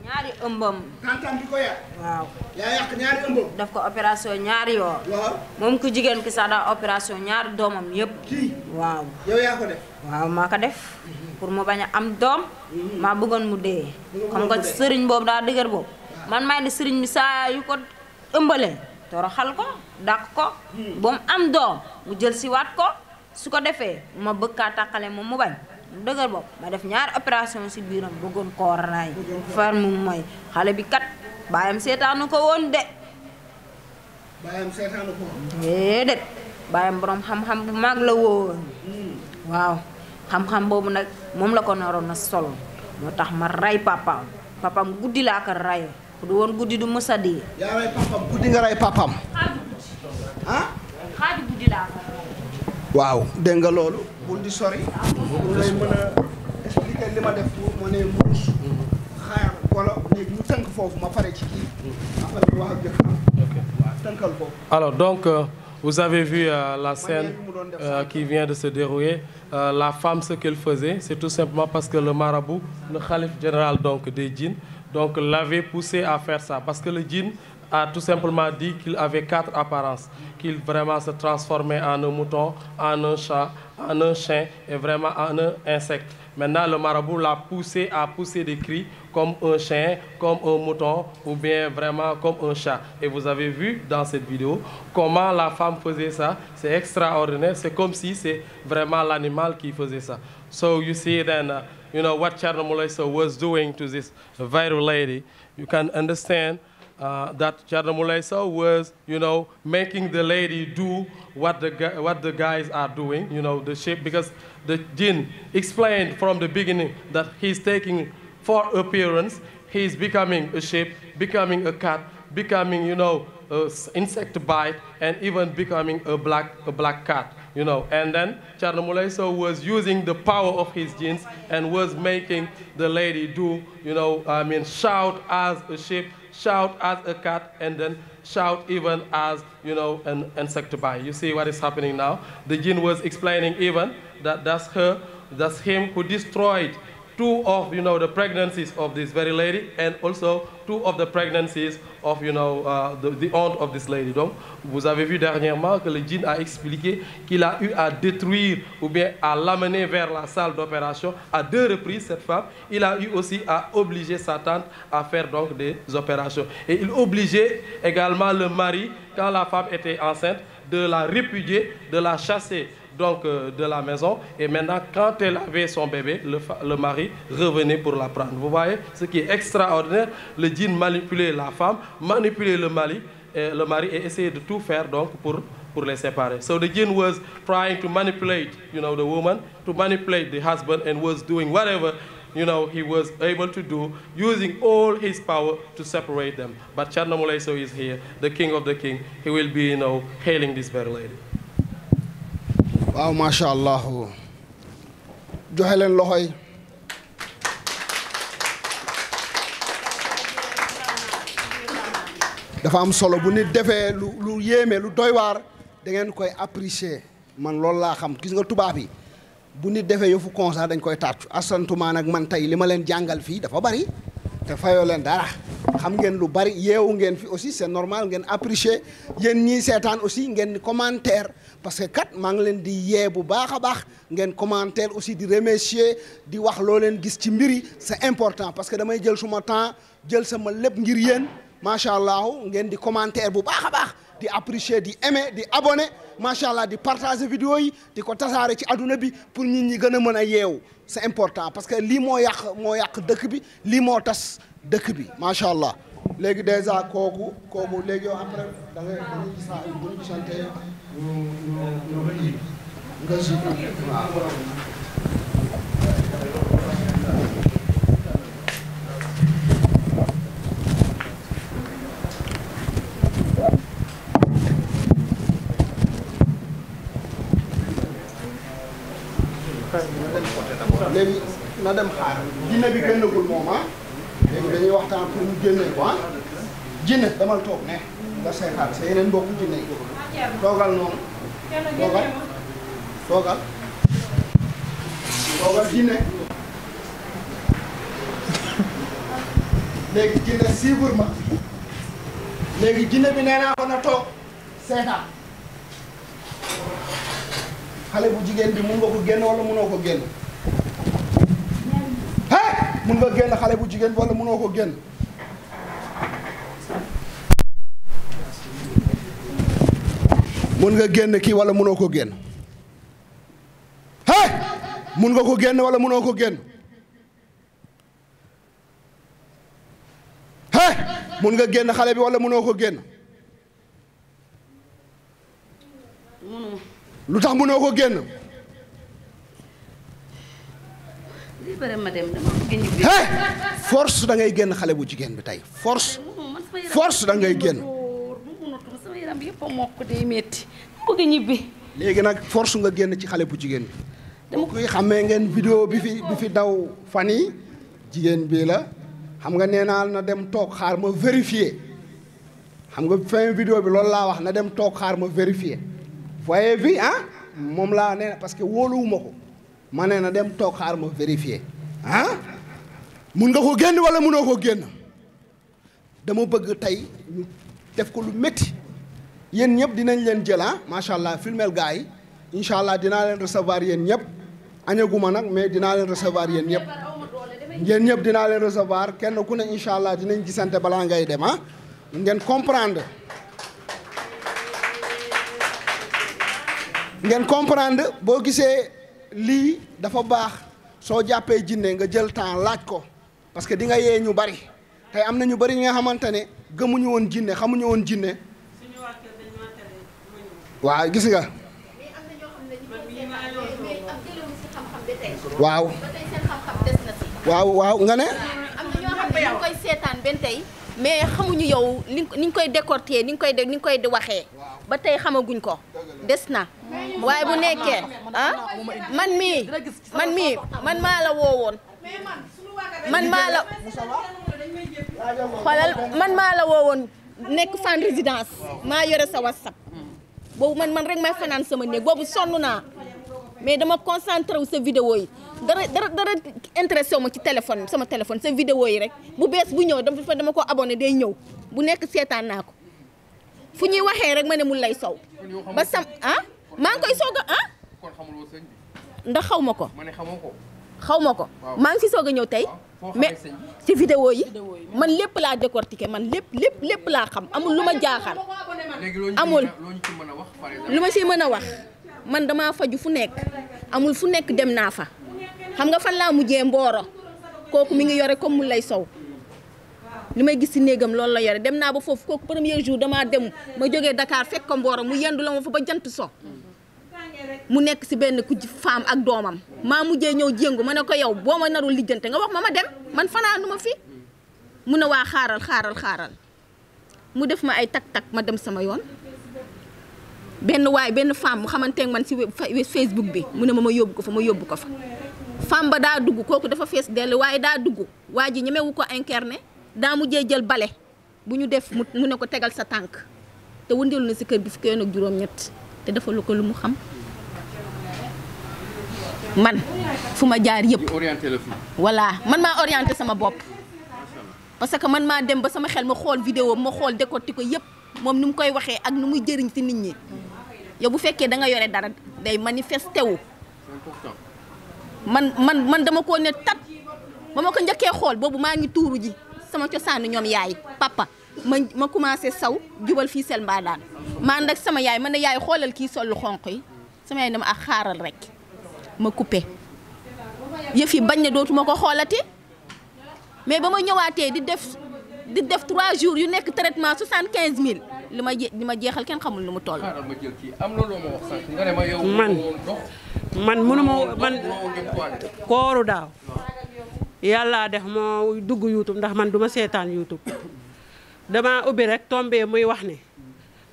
ñaari ëmbam. opération ñaari moom ku jigéen ki sax daa ñaari doomam yépp kii waaw. maa ko def. Mhm. pour mu bañ a am doom. Mhm. maa bëggoon mu dee. xam nga sëriñ boobu daa dëgër boobu. man may ne sëriñ bi saa yu ko ëmbalee. toroxal ko dàq ko. Mhm. ba am doom mu jël si waat ko. su ko defee ma bëgg kaa tàqale moom mu bañ mu dëgër bopp ma def ñaari opération si biiram bëggoon koo raay far mu mooy xale bi kat baayam seetaanu ko woon de baayam seetaanu ko woon déedéet baayam boroom xam-xam bu mag la woon waaw xam-xam boobu nag moom la ko naroon na sol moo tax ma ray papaam papaam guddi laa ko ray du woon guddi du mës a dee guddi nga ray papaam ah? xaaju guddi laa ko waaw dégg nga loolu. bul di sori. bul lay mën a expliquer li ma def ma ne muus. xaar wala léegi ñu tënk foofu ma pare ci kii. après ñu wax ak jëkkër. alors donc. Euh... Vous avez vu euh, la scène euh, qui vient de se dérouler. Euh, la femme, ce qu'elle faisait, c'est tout simplement parce que le marabout, le calife général donc des djinns, donc l'avait poussé à faire ça. Parce que le djinn a tout simplement dit qu'il avait quatre apparences, qu'il vraiment se transformait en un mouton, en un chat, en un chien et vraiment en un insecte. Maintenant, le marabout l'a poussé à pousser des cris comme un chien, comme un mouton ou bien vraiment comme un chat. Et vous avez vu dans cette vidéo comment la femme faisait ça. C'est extraordinaire. C'est comme si c'est vraiment l'animal qui faisait ça. So you see then, uh, you know, what Chernomolesa was doing to this viral lady. You can understand uh, that Chandramulay saw was, you know, making the lady do what the, what the guys are doing, you know, the shape, because the jinn explained from the beginning that he's taking for appearance, he's becoming a shape, becoming a insect bite, and even becoming a black, a And then Charnamuleso was using the power of his genes and was making the lady do, shout as a sheep shout as a cat, and then shout even as, you know, an insect by. You see what is happening now? The jinn was explaining even that that's her, that's him who destroyed two of you know the pregnancies of this very lady and also two of the pregnancies of you know uh, the, the aunt of this lady. Donc vous avez vu dernièrement que le djinn a expliqué qu'il a eu à détruire ou bien à l'amener vers la salle d'opération à deux reprises cette femme. Il a eu aussi à obliger sa tante à faire donc des opérations et il obligeait également le mari quand la femme était enceinte de la répudier, de la chasser donc euh, de la maison e maintenant quand elle avait son bébé le, le mari revenait pour la prendre vous voyez ce qui est extraordinaire le djinn manipulait la femme manipulait le mari et le mari et de tout fair donc pour pour les séparer so the jinn was trying to manipulate you know the woman to manipulate the husband and was doing whatever you know he using all his power to separate them but Thierno is here the king of the king he will be you hailing this very lady waaw macha allah joxe leen loxo yi dafa am solo bu nit defee lu lu yéeme lu doy waar da koy apprécier man loolu laa xam gis nga tubaab yi bu nit defee yëfu concert dañ koy tàccu asantuma nag man tey li ma leen jàngal fii dafa bari te fayoo leen dara. xam ngeen lu bari yeewu ngeen fi aussi c'est normal ngeen apprécier yéen ñii seetaan aussi ngeen commentaire parce que kat maa ngi leen di yee bu baax a baax ngeen commentaire aussi di remercier di wax loo leen gis ci mbir yi c'est important parce que damay jël suma temps jël sama lépp ngir yéen macha allah ngeen di commentaire bu baax a baax di apprécier di aimer di abonner macha allah di partager vidéo yi di ko tasaare ci adduna bi pour nit ñi gën a mën a yeewu c'est important parce que lii moo yàq moo yàq dëkk bi lii moo tas. dëkk bi macha allah léegi dèjà kooku kooku léegi yow après da ngay nga si dina bi gën a moom ah léegi dañuy waxtaan pour ñu génne ko ah jinne damal toog ne nga seetaan sa yeneen mbokku jinne yi toogal noonu toogal toogal toogal jinne léegi jinne siibur ma léegi jinne bi nee naa ko na toog seetaan xale bu jigéen bi mun nga ko génn wala munoo ko génn mun nga génn xale bu jigéen wala mënoo ko génn mun nga génn kii wala mënoo ko génn hey mun nga ko génn wala mënoo ko génn hey nga génn xale bi wala mënoo ko génn lu tax mënoo ko génn bëre ma dem dama force da ngay génn xale bu jigéen bi tey force. force da ngay génn. sama yaram bi yëpp a mokk day metti bëgg ñibbi. léegi nag force nga génn ci xale bu jigéen bi. dama koy xamee ngeen vidéo bi fi bi fi daw fan yi jigéen bii la xam nga nee naa na dem toog xaar ma vérifier xam nga fin vidéo bi loolu laa wax na dem toog xaar ma vérifier voyez bi ah moom laa nee parce que wóoluwuma ko. ma ne na dem toog xaar ma vérifier ah mun nga ko génn wala munoo ko génn dama bëgg tey ñu def ko lu métti yéen ñëpp dinañ leen jëla macha allah filmel gars yi incha allah dinaa leen recevoir yéen ñëpp añaguma nag mais dinaa leen recevoir yéen ñëpp yéen ñëpp dinaa leen recevoir kenn ku ne incha allah dinañ gisante balaa ngay dem ngeen comprendre ngeen comprendre boo gisee lii dafa baax soo jàppee jinne nga jël temps laaj ko parce que di nga yee ñu bari tey am na ñu bari ñi nga xamante ne gëmuñu woon jinne xamuñu woon jinne waa gis nga waaw waaw waaw nga ne am mais xamuñu yow ni ni ñu koy décorté ni ñu koy ni ñu koy waxee ba tey xamaguñ ko des na waaye bu nekkee ah man mii man mii man maa la woo woon man maa la xoolal man maa la woo woon nekk fan résidence maa yore sa whatsapp boobu man man rek may fanaan sama néeg boobu sonn naa mais dama concentré wu sa vidéo yi dara dara dara intéressé wu ma ci téléphone sama téléphone sa vidéo yi rek bu bees bu ñëw dafa dama ko abonné day ñëw bu nekk seetaan naa ko fu ñuy waxee rek ma ne mu lay sow. ba sam ah maa ngi koy soog a ah. ndax xaw ma ko. xaw ma ko maa ngi si soog a ñëw tey mais si vidéo yi man lépp laa décortiquer man lépp lépp lépp laa xam amul lu ma jaaxal amul lu ma si mën a wax man damaa faju fu nekk amul fu nekk dem naa fa xam nga fan laa mujjee mbooro kooku mi ngi yore comme mu lay sow li may gis si néegam loolu la yore dem naa ba foofu kooku premier jour damaa dem ma jógee dakaar fekk ko mbooro mu yendu la ma fa ba jant so mu nekk si benn ku femme ak doomam maa mujjee ñëw jéngu ma ne ko yow boo ma narul lijjante nga wax ma ma dem man fanaanu ma fi mu ne waa xaaral xaaral xaaral mu def ma ay tak-tak ma dem sama yoon benn waay benn femme mu xamante man si Facebook bi mu ne ma ma yóbbu ko fa ma yóbbu ko fa Famba daa dugg kooku dafa fees dell waaye daa dugg waa ji ñemewu ko incarné daa mujjee jël bale bu ñu def mu ne ko tegal sa tànk te wëndeelu na si kër gi fukki yoon ak juróom-ñett te dafa lu ko lu mu xam man fu ma jaar yëpp. voilà man maa orienté sama bopp. parce que man maa dem ba sama xel ma xool vidéo ma xool décorti ko yëpp moom ni mu koy waxee ak nu muy jëriñ ci nit ñi yow bu fekkee danga yore dara day manifesté wu. man man man dama ko ne tat ba ma ko njëkkee xool boobu maa ngi tuuru ji sama cosaanu ñoom yaay papa ma ma commencé saw jubal fii sel mbaa daan ma ànd sama yaay man ne yaay xoolal kii sol lu xonq yi sama yaay dama ak ah, xaaral rek ma coupé yëf yi bañ ne dootuma ko xoolati mais ba ma ñëwaatee di def di def 3 jours yu nekk traitement mille li ma je ma jeexal kenn xamul lu mu toll. man man mënuma man kooru daaw yàlla def moo dugg youtube ndax man duma seetaan youtube dama ubbi rek tombé muy wax ni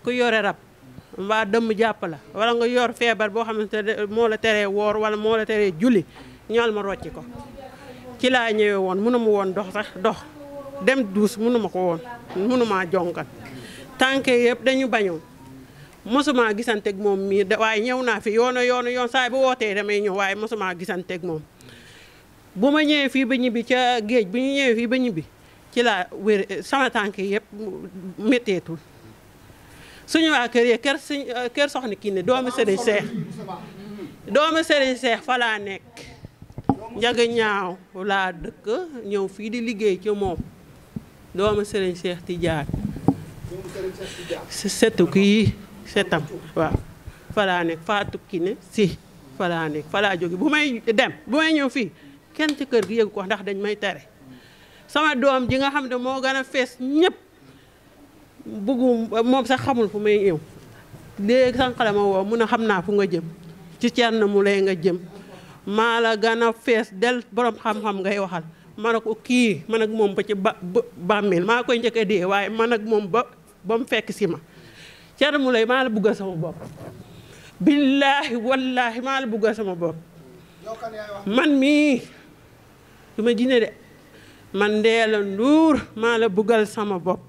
ku yore rab mbaa dëmm jàpp la wala nga yor feebar boo xamante ne moo la teree woor wala moo la teree julli ñool ma rocci ko ci laa ñëwee woon mënuma woon dox sax dox dem duus mënuma ko woon mënuma jonkan tànke yëpp dañu bañoo mosuma gisanteeg moom mii da waaye ñëw naa fi yoona yoona yoon saay bu wootee damay ñëw waaye mosuma gisanteeg moom bu ma ñëwee fii ba ñibbi ca géej bu ñu ñëwee fii ba ñibbi ci laa wér sama tànk yëpp métteetul suñu waa kër yee kër soxna kii ne doomu Serigne Seex doomu Serigne Seex fa laa nekk njaga ñaaw laa dëkk ñëw fii di liggéey ci moom doomu Serigne Seex Tijaan setu kii setam waaw falaa nekk Fatou Kiné si falaa nekk falaa jóge bu may dem bu may ñëw fii kenn ci kër gi yëgu ko ndax dañ may tare sama doom ji nga xam ne moo gën a fees ñépp buggu moom sax xamul fu may ñëw léegi sànq ma woo mun a xam naa fu nga jëm ci mu Moulé nga jëm maa la gën fees del borom xam-xam ngay waxal man ak kii man ak moom ba ci ba bàmmeel maa koy njëkk dee waaye man ak moom ba ba mu fekk si ma Thierno Mouleye maa la buggal sama bopp billaahi wallaahi maa la buggal sama bopp man mii du ma jine de man Ndella Ndour maa la buggal sama bopp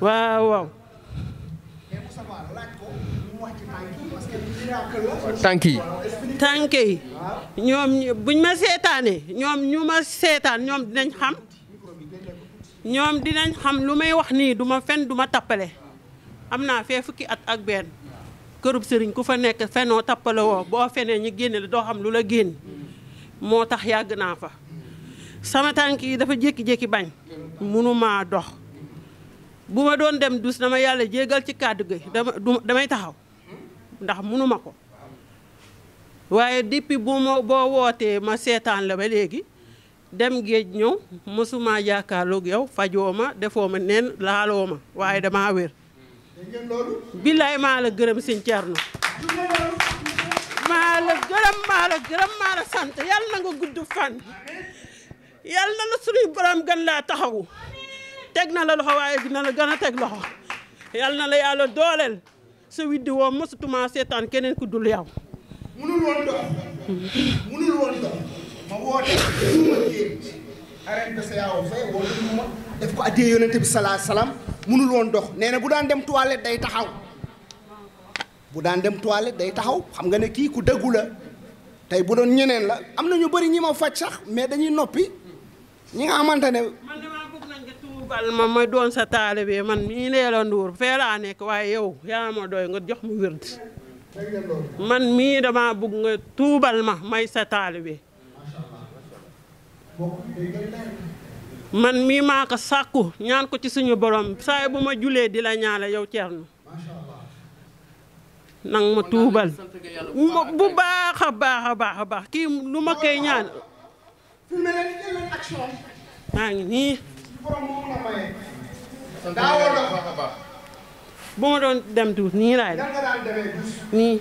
waaw waaw tànk yi tànk yi ñoom buñ ma seetaanee ñoom ñu ma seetaan ñoom dinañ xam ñoom dinañ xam lu may wax nii du ma fen du ma tappale am naa fee fukki at ak benn kërub sëriñ ku fa nekk fenoo tappale woo boo fenee ñu génne la doo xam lu la génn moo tax yàgg naa fa sama tànk yi dafa jékki-jékki bañ mënumaa dox bu ma doon dem dus dama yàlla jéegal ci kàddu gi damay taxaw ndax munuma ko waaye depuis bu ma boo wootee ma seetaan la ba léegi dem géej ñëw mësuma jàkkaarloog yow fajoo ma defoo ma neen laaloo ma waaye damaa wér. billaay maa la gërëm sëñ Thierno. maa la gërëm maa la gërëm maa la sant yàlla na nga gudd fan. yàlla na la suñuy borom gën laa taxawu. teg na la loxo waaye dina la gën a teg loxo. yàlla na la yàlla dooleel. sa widdi woo seetaan keneen ku dul yow. ma ko addee yonente salaam munul woon dox nee bu daan dem toilette day taxaw bu daan dem toilette day taxaw xam nga ne kii ku dëggu la tey bu doon ñeneen la am na ñu bari ñi ma faj sax mais dañuy noppi ñi nga xamante ne. man damaa bëgg tuubal ma ma doon sa taalibe man mii nee la nduur fee nekk waaye yow yaa ma doy nga jox mu wérd man mii damaa bëgg nga tuubal ma may sa taalibe. man mii maaka ko sàkku ñaan ko ci suñu borom saa bu ma julee di la ñaale yow Thierno nang ma tuubal bu baax a baax a baax a baax kii lu ma koy ñaan maa ngi nii bu ma doon dem tuur nii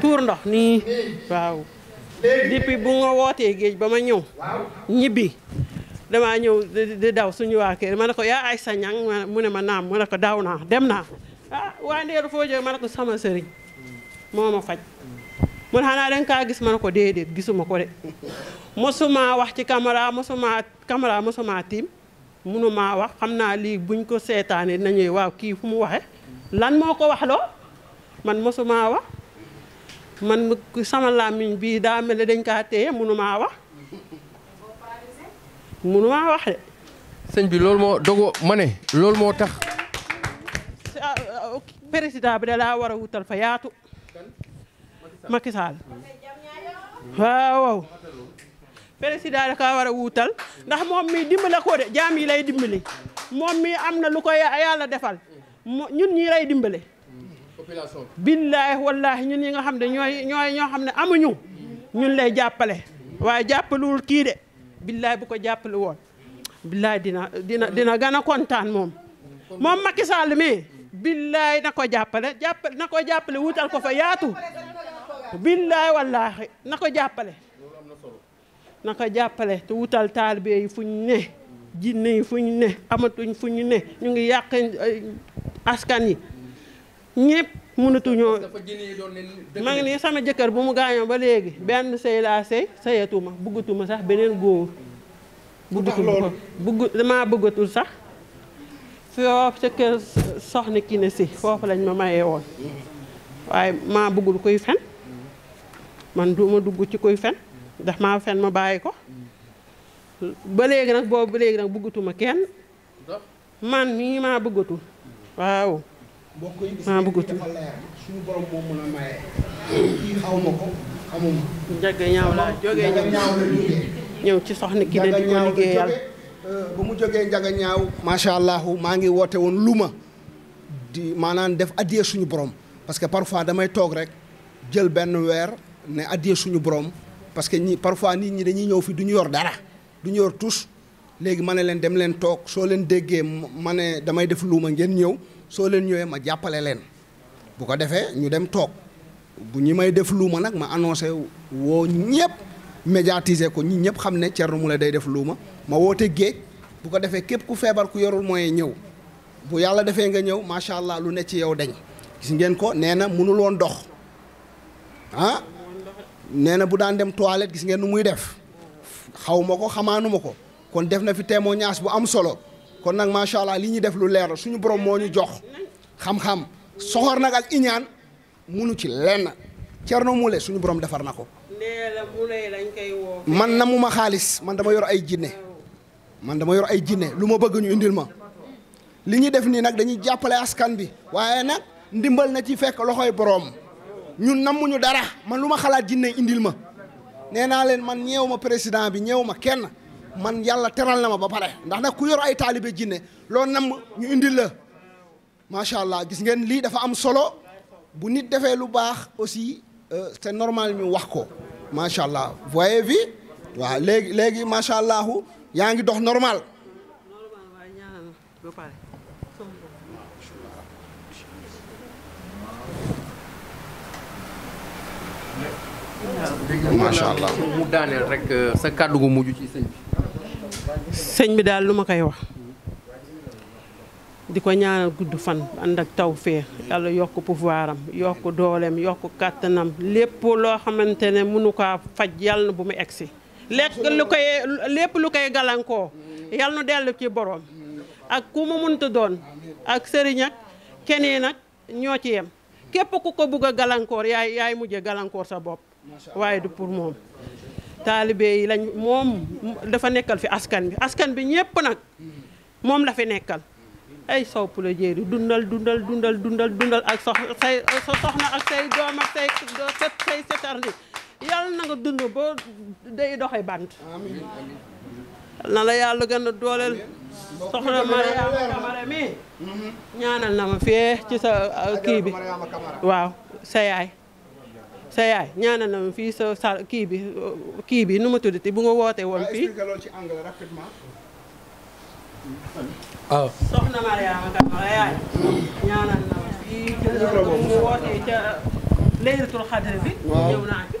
tuur ndox nii waaw depuis bu nga wootee géej ba ma ñëw ñibbi damaa ñëw di daw suñu waa kër ma ne ko yaa ay sa ñang mu ne ma naam mu ne ko daw naa dem naa ah waa ndeeru foo jóge ma ne ko sama sëriñ moo ma faj mu ne xanaa danga kaa gis ma ne ko déedéet gisuma ko de mosuma wax ci caméra mosuma caméra mosuma tiim mënuma wax xam naa lii buñ ko seetaane nañuy waaw kii fu mu waxe lan moo ko wax loo man mosuma wax man sama làmmiñ bii daa mel ne dañ kaa téye maa wax maa wax de. sëñ bi loolu moo dogo ma ne loolu moo tax. Ah, président bi da laa war a wutal fa yaatu. Macky Sall waaw waaw da kaa war a wuutal ndax moom mi dimbale ko de jaam yi lay dimbali moom mi am na lu ko yàlla defal ñun ñi lay dimbale. population bi. wallaahi ñun ñi nga xam ne ñooy ñooy ñoo xam ne amuñu. ñun lay jàppale. waaye jàppalewul kii de. billaay bu ko jàppale woon. billaay dina dina dina gën a kontaan moom. moom Macky Sall mi. billaay na ko jàppale jàppale na ko jàppale wutal ko fa yaatu. billaay wallaahi na ko jàppale. na ko jàppale te wutal taalibe yi fu ñu ne. jinne yi fu ñu ne amatuñ fu ñu ne ñu ngi yàq askan yi. ñëpp mënatu ñoo ma nii sama jëkkër bu mu gaañoo ba léegi benn sëy laa sëy sëyatuma buggatuma sax beneen góor bëggatuma ko bëgg damaa bëggatul sax foofu sa kër soxna ki ne si foofu lañ ma mayee woon waaye maa bëggul koy fen man du ma dugg ci koy fen ndax maa fen ma bàyyi ko ba léegi nag boobu ba léegi nag bëggatuma kenn man mii maa bëggatul waaw maa bëgg tuuti. suñu borom moo mën a maye. kii xaw ma ko xamuma. njëgg ñaaw la ba mu jógee njaga macha allah maa ngi woote woon luma di maanaam def addiya suñu borom parce que parfois damay toog rek jël benn weer ne addiya suñu borom parce que ñi parfois nit ñi dañuy ñëw fi du ñu yor dara du ñu yor tous léegi ma ne leen dem leen toog soo leen déggee ma ne damay def luuma ngeen ñëw. soo leen ñëwee ma jàppale leen bu ko defee ñu dem toog bu ñi may def luuma nag ma annoncé woo ñëpp médiatiser ko ñi ñëpp xam ne mu Moule day def luuma ma woote géej bu ko defee képp ku feebar ku yorul mooy ñëw bu yàlla defee nga ñëw macha allah lu ne ci yow dañ gis ngeen ko nee na mënul woon dox ah nee na bu daan dem toilette gis ngeen nu muy def xawuma ko xamaanuma ko kon def na fi témoignage bu am solo. kon nag macha allah li ñuy def lu leer suñu borom moo ñu jox xam-xam soxor nag ak iñaan munu ci lenn Thierno Moule suñu borom defar na ko. man na xaalis man dama yor ay jinne man dama yor ay jinne lu ma bëgg ñu indil ma li ñuy def nii nag dañuy jàppale askan bi waaye nag ndimbal na ci fekk loxoy borom ñun nammuñu dara man lu ma xalaat jinne indil ma nee naa leen man ñeew ma président bi ñeew ma kenn. man yàlla teral na ma ba pare ndax nag ku yor ay taalibe jinne loo nam ñu indil la macha allah gis ngeen lii dafa am solo bu nit defee lu baax aussi euh, c'est normal ñu wax ko macha allah voyez vi waaw léegi léegi macha allahu yaa ngi dox normal. macha allah mu daaneel rek euh, sa kàddu gu mujj ci sëñ bi. daal lu ma koy wax di ko ñaanal gudd fan ànd ak taw fee yàlla yokk pouvoiram yokk dooleem yokk kàttanam lépp loo xamante ne mënu kaa faj yàlla na bu mu egsi lekk lu koy lépp lu koy gàllankoo yàlla nu dellu ci boroom ak ku mu mënta doon ak sëriñ ak keneen ak ñoo ci yem képp ku ko bugg a gàllankoor yaay yaay mujje gàllankoor sa bopp waaye du pour moom taalibe yi lañ moom dafa nekkal fi askan bi askan bi ñépp nag moom la fi nekkal ay sow pula jéeri dundal dundal dundal dundal dundal ak sox say soxna ak say doom ak say set say yàlla na nga dund ba day doxee bant na la yàlla gën a dooleel soxna Mariama Kamara mi mm-hmm. ñaanal na ma fee ci sa uh, kii bi waaw sa yaay sa yaay ñaanal na ma fii sa sal kii bi kii bi nu ma tuddati bu nga wootee woon fii waaw ah. soxna Mariama Kamara yaay ñaanal na ma fii bu nga wootee ca laylatul xadr mhm. bi ñëw naa fi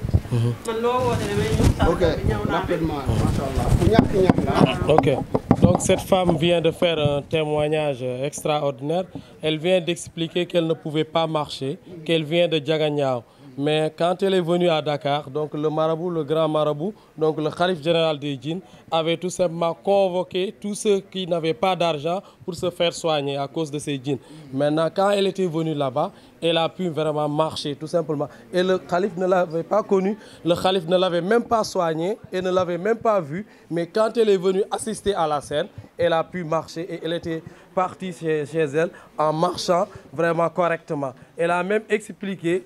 man loo woote damay ñëw sal bi ñëw naa fi bu ñàkk ñàkk la ok Donc cette femme vient de faire un témoignage extraordinaire. Elle vient d'expliquer qu'elle ne pouvait pas marcher, qu'elle vient de jagañaaw mais quand elle est venue à Dakar donc le marabout le grand marabout donc le khalife général des djinns avait tout simplement convoqué tous ceux qui n'avaient pas d'argent pour se faire soigner à cause de ces djinns maintenant quand elle était venue là-bas elle a pu vraiment marcher tout simplement et le khalife ne l'avait pas connu le khalife ne l'avait même pas soigné et ne l'avait même pas vu mais quand elle est venue assister à la scène elle a pu marcher et elle était partie chez, chez elle en marchant vraiment correctement elle a même expliqué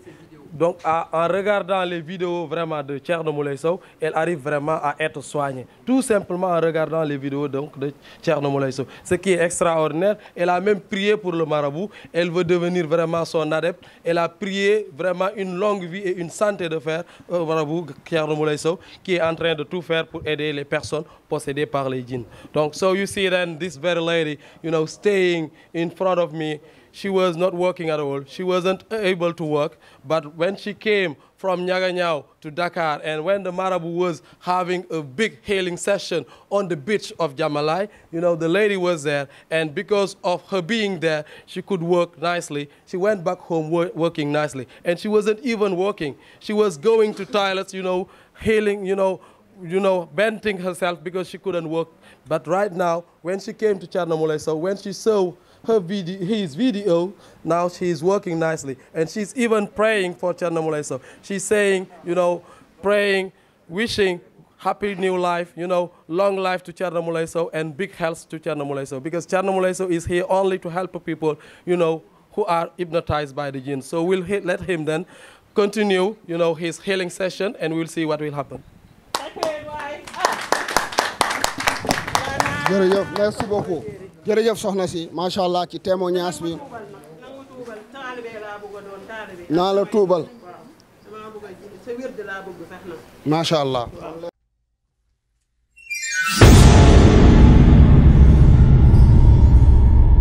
donc à, en regardant les vidéos vraiment de Thierno Moulay Sow elle arrive vraiment à être soignée tout simplement en regardant les vidéos donc de Thierno Moulay Sow ce qui est extraordinaire elle a même prié pour le marabout elle veut devenir vraiment son adepte elle a prié vraiment une longue vie et une santé de fer au marabout Thierno Moulay Sow qui est de tout faire pour aider les personnes possédées par les djinns donc so you see then this very lady you know staying in front of me she was not working at all. She wasn't able to work. But when she came from Nyaganyao to Dakar, and when the Marabu was having a big hailing session on the beach of Jamalai, you know, the lady was there. And because of her being there, she could work nicely. She went back home wor working nicely. And she wasn't even working. She was going to toilets, you know, hailing, you know, you know, bending herself because she couldn't work. But right now, when she came to Chadna Moulay, so when she saw her video, his video. Now she's working nicely. And she's even praying for Chandamuleso. She's saying, you know, praying, wishing happy new life, you know, long life to Chandamuleso and big health to Chandamuleso. Because Chandamuleso is here only to help people, who are hypnotized by the jinn. So we'll let him then continue, you know, see what will happen. jërëjëf soxna si macha allah ci témoignage bi naala la tuubal macha allah